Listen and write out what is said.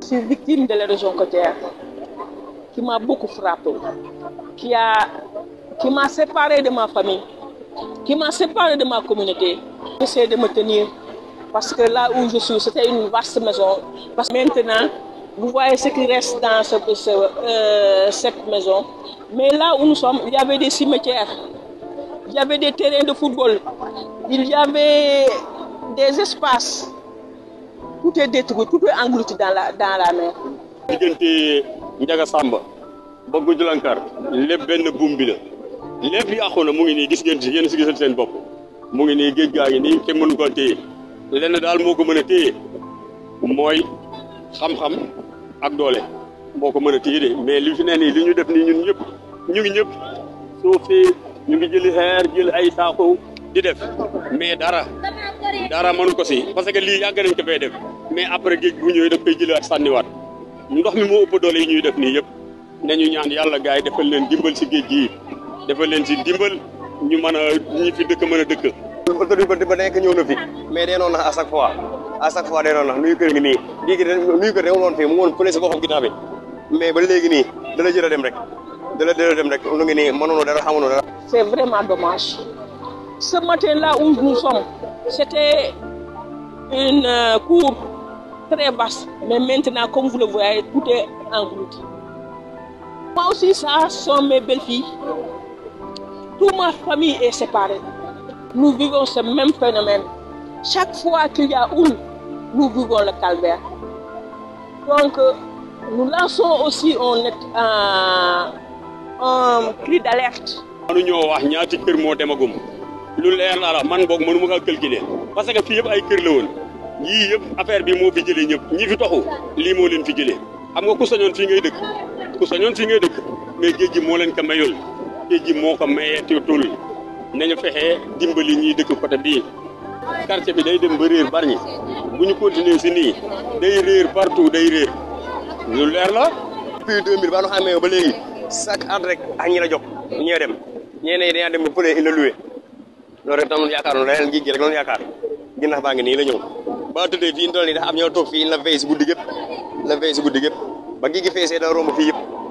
Je suis victime de la région côtière qui m'a beaucoup frappée, qui m'a qui séparée de ma famille, qui m'a séparée de ma communauté. J'essaie de me tenir parce que là où je suis, c'était une vaste maison. Parce que maintenant, vous voyez ce qui reste dans euh, cette maison. Mais là où nous sommes, il y avait des cimetières, il y avait des terrains de football, il y avait des espaces tout est détruit, tout est englouti dans la, dans la mer. diggante Ndiaga Samba ba Goudiou Lankar lépp benn buum bi la lépp yàqu na mu ngi nii gis ngeen si yéen si gisal seen bopp mu ngi nii géej gaa ngi nii kenn mënu koo téye lenn daal moo ko mën a téye mooy xam-xam ak doole moo ko mën a téye de mais li fi ne nii li ñu def nii ñun ñëpp ñu ngi ñëpp suuf si ñu ngi jëli xeer jël ay saako di def mais dara dara mënu ko si parce que lii yàgg nañ ko fee def mais après geej bu ñëw da koy jël ak wat ndox mi mo upp doole ñuy def ni yëpp nañu ñaan yalla gaay defal leen dimbal ci geej gi defal leen ci dimbal ñu mëna a ñi fi dëkk mën a dëkk. autorité ba nek ñëw na fi mais dee na à chaque fois à chaque fois dee na nuyu kër gi nii léegi nuyu kër rew woon mu won police si boppam bi mais ba ni da la jëra dem rek la jëra dem rek ñu ngi nii mënoonoo dara xamoonoo dara. c'est vraiment dommage ce matin là où nous sommes c'était une euh, cour très basse. Mais maintenant, comme vous le voyez, tout est route. Moi aussi, ça sont mes belles-filles. Toute ma famille est séparée. Nous vivons ce même phénomène. Chaque fois qu'il y a une, nous vivons le calvaire. Donc, euh, nous lançons aussi un, euh, un, cri d'alerte. ñi yëpp affaire bi moo fi jëlé ñëpp ñi fi taxu li moo leen fi jëlé xam nga ku sañoon fi ngay dëkk ku sañoon fi ngay dëkk mais géej gi moo leen ko mayul géej gi moo ko tul nañu fexe dimbali ñi dëkk côté bii quartier bi day dem ba réer bari ñi bu ñu continuer si nii day réer partout day réer lu leer la depuis 2000 ba nu xamee ba léegi sak at rek ak ñi la jox ñee dem ñeneen dañaa dem ba pëlee ina loué loolu rek tamul yaakaar leen leneen gi rek loolu yaakaar ginnax baa ngi nii la ñëw ba tëddee fii ñu toll nii am ñoo toog fii la veille si guddi gépp la veille si guddi gépp ba gi gi feesee da romb fii yëpp